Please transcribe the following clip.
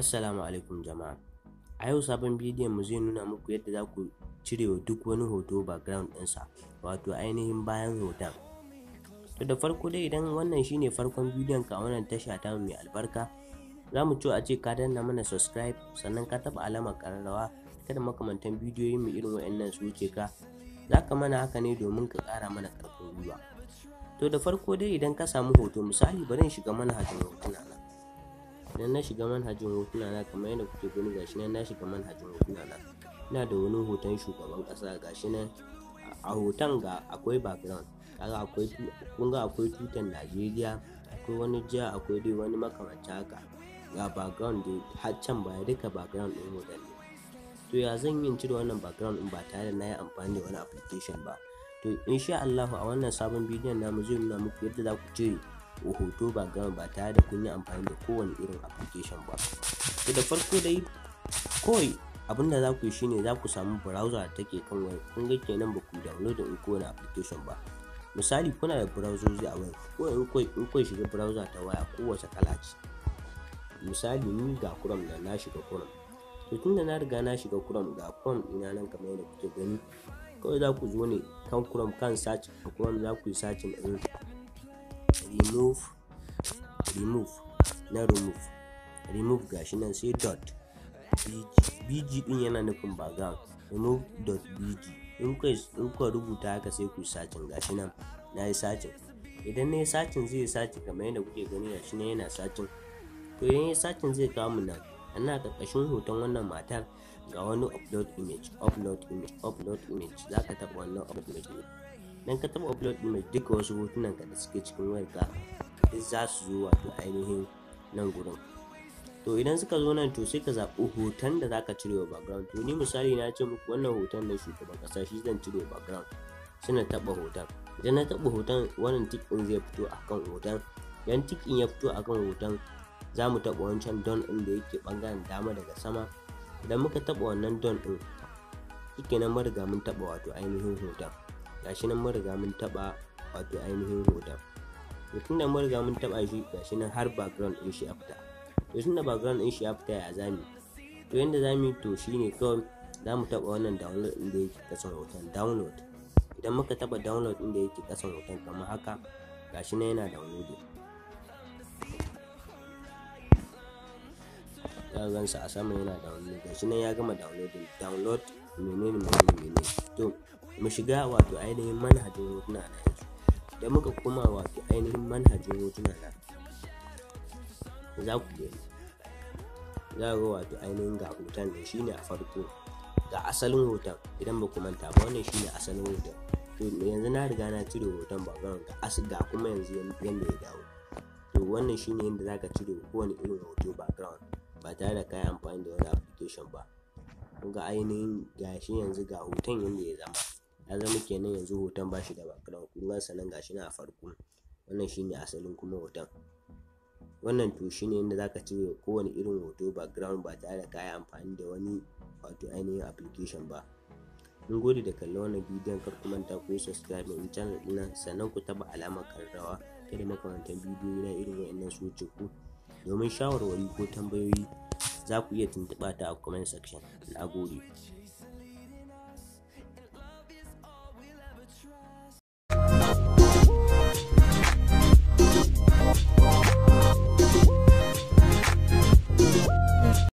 Assalamu alaikum jama'a. A yau sabon bidiyon mu zai nuna muku yadda za ku cire wa duk wani hoto background ɗinsa, wato ainihin bayan hoton. To da farko dai idan wannan shine farkon bidiyon ka wannan tasha ta mai albarka, za mu ci a ce ka danna mana subscribe sannan ka taɓa alamar ƙararrawa kada makamantan bidiyoyin mu irin waɗannan su wuce ka. Za ka mana haka ne domin ka ƙara mana ƙarfin gwiwa. To da farko dai idan ka samu hoto misali bari in shiga mana manhajin hotuna. nan na shiga manhajin hotuna na kamar yadda kuke gani gashi nan na shiga manhajin hotuna na ina da wani hoton shugaban kasa gashi nan a hoton ga akwai background kaga akwai kun ga akwai tutan Najeriya akwai wani jiya akwai dai wani makamanta haka ga background dai har can baya duka background din hoton ne to ya zan yin cire wannan background din ba tare da na yi amfani da wani application ba to insha Allah a wannan sabon bidiyon namu zai nuna muku yadda za ku cire hoto ba gama ba tare da kun yi amfani da kowane irin application ba to da farko dai kawai abin da za ku yi shine za ku samu browser da take kan wani kun ga kenan ba ku download in kowane application ba misali kuna da browsers a wani ko in kai in kai shiga browser ta waya kowace kala ce misali ni ga Chrome da na shiga Chrome to tunda na riga na shiga Chrome ga Chrome ina nan kamar yadda kuke gani kawai za ku zo ne kan Chrome kan search da Chrome za ku yi searching din remove remove na remove remove gashi nan sai dot bg bg din yana nufin background remove dot bg in kuka rubuta haka sai ku sacin gashi nan na yi sacin idan na yi sacin zai saci kamar yadda kuke gani gashi nan yana sacin to idan ya sacin zai kawo mu nan ana karkashin hoton wannan matar ga wani upload image upload image upload image zaka taɓa wannan upload image dan ka taba upload din mai duka wasu hotunan ka da suke cikin ka duk za su zo wato ainihin nan gurin to idan suka zo nan to sai ka zaɓi hoton da zaka wa background to ni misali na ce muku wannan hoton na shugaban kasa shi zan wa background sai na taɓa hoton idan na taɓa hoton wannan tik ɗin zai fito akan hoton idan tik ɗin ya fito akan hoton za mu taɓa wancan don ɗin da yake ɓangaren dama daga sama idan muka taɓa wannan don ɗin nan mun riga mun taɓa wato ainihin hoton gashi nan mun riga mun taɓa wato ainihin hoton to tunda mun riga mun taɓa shi gashi nan har background din shi ya fita to tunda background din shi ya fita ya zami to yanda zami to shine kawai za mu taɓa wannan download din da yake kasan hoton download idan muka taɓa download din da yake kasan hoton kamar haka gashi nan yana download ya gansa a sama yana download gashi nan ya gama download download menene menene menene to mu shiga wato ainihin manhajin hotuna na yanzu da muka koma wato ainihin manhajin hotuna na za ku gani za ga wato ainihin ga hoton ne a farko ga asalin hoton idan ba ku manta ba wannan ne asalin hoton to yanzu na riga na cire hoton background ga asu ga kuma yanzu yanda ya dawo to wannan shi shine yanda ka cire kowane irin hoto background ba tare da kayan amfani da wani application ba ga ainihin gashi yanzu ga hoton yanda ya zama ya zama kenan yanzu hoton ba shi da background kun ga sanan gashi na a farko wannan shine asalin kuma hoton wannan to shine inda zaka cire kowane irin hoto background ba tare da ka yi amfani da wani wato ainihin application ba mun gode da kallon wannan bidiyon kar ku manta ku subscribe din channel ɗina sannan ku taba alamar karrawa kada mu kwanta bidiyo na irin wannan su ku domin shawarwari ko tambayoyi za ku iya tuntuɓa ta a comment section nagode